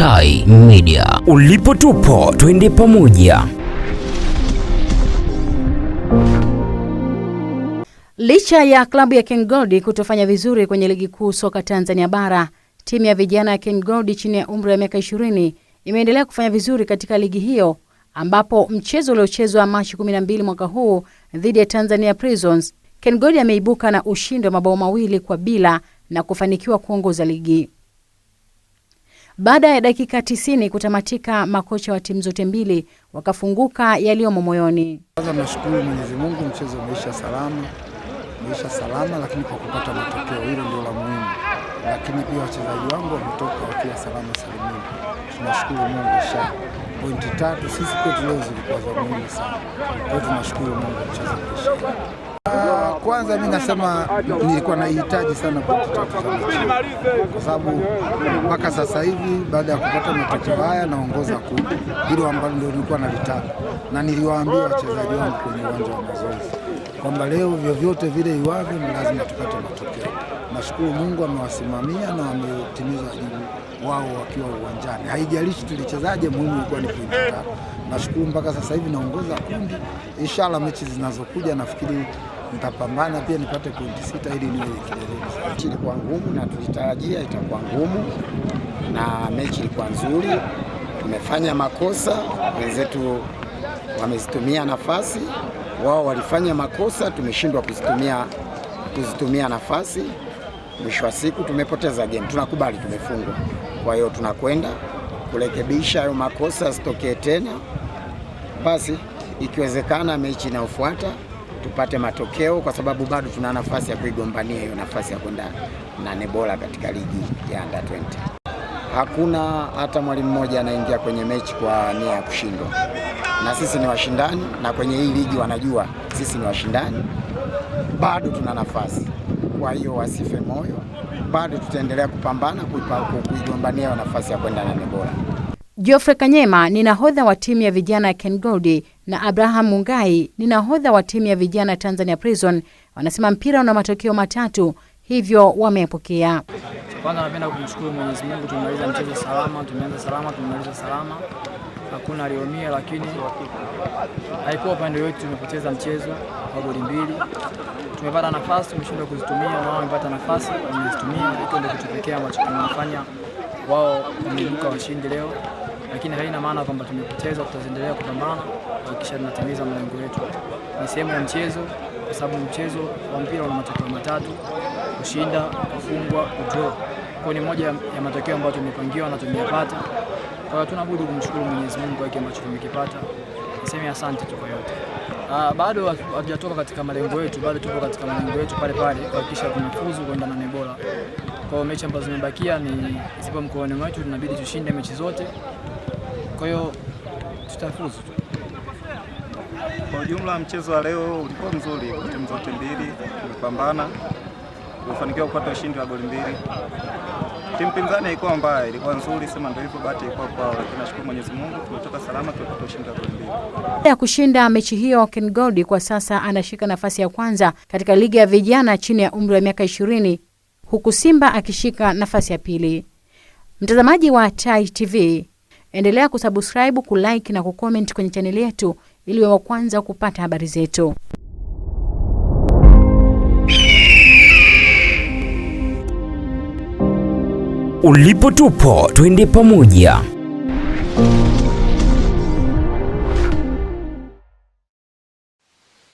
Tai Media. Ulipo tupo, twende pamoja. Licha ya klabu ya Ken Gold kutofanya vizuri kwenye ligi kuu soka Tanzania bara, timu ya vijana ya Ken Gold chini ya umri wa miaka 20 imeendelea kufanya vizuri katika ligi hiyo ambapo mchezo uliochezwa Machi 12 mwaka huu dhidi ya Tanzania Prisons, Ken Gold ameibuka na ushindi wa mabao mawili kwa bila na kufanikiwa kuongoza ligi. Baada ya dakika tisini kutamatika, makocha wa timu zote mbili wakafunguka yaliyomo moyoni. Kwanza nashukuru Mwenyezi Mungu, mchezo umeisha salama, umeisha salama, lakini kwa kupata matokeo, hilo ndio la muhimu. Lakini pia wachezaji wangu wametoka wakiwa salama salimini, tunashukuru Mungu. Sha pointi tatu sisi kwetu leo zilikuwa za muhimu sana, kwa hiyo tunashukuru Mungu mchezo umeisha kwanza mimi nasema nilikuwa naihitaji sana kwa sababu mpaka sasa hivi baada ya kupata matokeo haya naongoza kundi, hilo ambalo ndio nilikuwa nalitaka, na niliwaambia wachezaji wangu kwenye uwanja wa mazoezi kwamba leo vyovyote vile iwavyo ni lazima tupate matokeo. Nashukuru Mungu amewasimamia na wametimiza wajibu wao wakiwa uwanjani, haijalishi tulichezaje, muhimu ilikuwa ni pointi Nashukuru mpaka sasa hivi naongoza kundi, inshallah mechi zinazokuja nafikiri nitapambana pia nipate pointi sita ili niwe kileleni. Ilikuwa ngumu na tulitarajia itakuwa ngumu, na mechi ilikuwa nzuri. Tumefanya makosa, wenzetu wamezitumia nafasi, wao walifanya makosa, tumeshindwa kuzitumia, kuzitumia nafasi. Mwisho wa siku tumepoteza game, tunakubali tumefungwa. Kwa hiyo tunakwenda kurekebisha hayo makosa, asitokee tena basi, ikiwezekana mechi inayofuata tupate matokeo, kwa sababu bado tuna nafasi ya kuigombania hiyo nafasi ya kwenda nane bora katika ligi ya under 20. Hakuna hata mwalimu mmoja anaingia kwenye mechi kwa nia ya kushindwa, na sisi ni washindani, na kwenye hii ligi wanajua sisi ni washindani, bado tuna nafasi. Kwa hiyo wasife moyo, bado tutaendelea kupambana kuigombania nafasi ya kwenda nane bora. Geoffrey Kanyema ni nahodha wa timu ya vijana ya Ken Gold na Abraham Mungai ni nahodha wa timu ya vijana Tanzania Prison wanasema mpira una matokeo matatu, hivyo wamepokea. Kwanza napenda kumshukuru Mwenyezi Mungu, tumemaliza mchezo salama, tumeanza salama, tumemaliza salama, hakuna aliumia, lakini haikuwa upande wetu. Tumepoteza mchezo wa goli mbili, tumepata nafasi, tumeshindwa kuzitumia, nao wamepata nafasi, wamezitumia. Ndio kitupekea ambacho kinafanya wao wameibuka washindi leo lakini haina maana kwamba tumepoteza. Tutaendelea kupambana kuhakikisha tunatimiza malengo yetu. Ni sehemu ya mchezo, kwa sababu mchezo wa mpira una matokeo matatu: kushinda, kufungwa, kutoa. Kwa ni moja ya matokeo ambayo tumepangiwa na tumeyapata. Kwa hiyo tunabudi kumshukuru Mwenyezi Mungu kwa kile ambacho tumekipata. Niseme asante tu kwa yote. Uh, bado hatujatoka katika malengo yetu, bado tupo katika malengo yetu pale pale kuhakikisha tunafuzu kwenda nane bora. Kwa hiyo mechi ambazo zimebakia ni zipo mkononi mwetu, tunabidi tushinde mechi zote. Kwa hiyo tutafuzu tu. Kwa ujumla, mchezo wa leo ulikuwa mzuri kwa timu zote mbili, tulipambana, tulifanikiwa kupata ushindi wa goli mbili. Timu pinzani haikuwa mbaya, ilikuwa nzuri, sema ndio hivyo, bahati ilikuwa kwao, lakini nashukuru Mwenyezi Mungu tumetoka salama, tulipata ushindi wa goli mbili. Baada ya kushinda mechi hiyo, Ken Gold kwa sasa anashika nafasi ya kwanza katika ligi ya vijana chini ya umri wa miaka ishirini huku Simba akishika nafasi ya pili. Mtazamaji wa Tai TV Endelea kusubscribe, kulike na kucomment kwenye chaneli yetu ili wa kwanza kupata habari zetu. Ulipo tupo, twende pamoja.